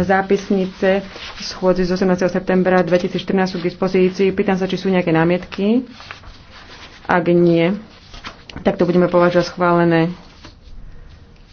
Zápisnice schôdzi z 18. septembra 2014 sú k dispozícii. Pýtam sa, či sú nejaké námietky. Ak nie, tak to budeme považovať schválené.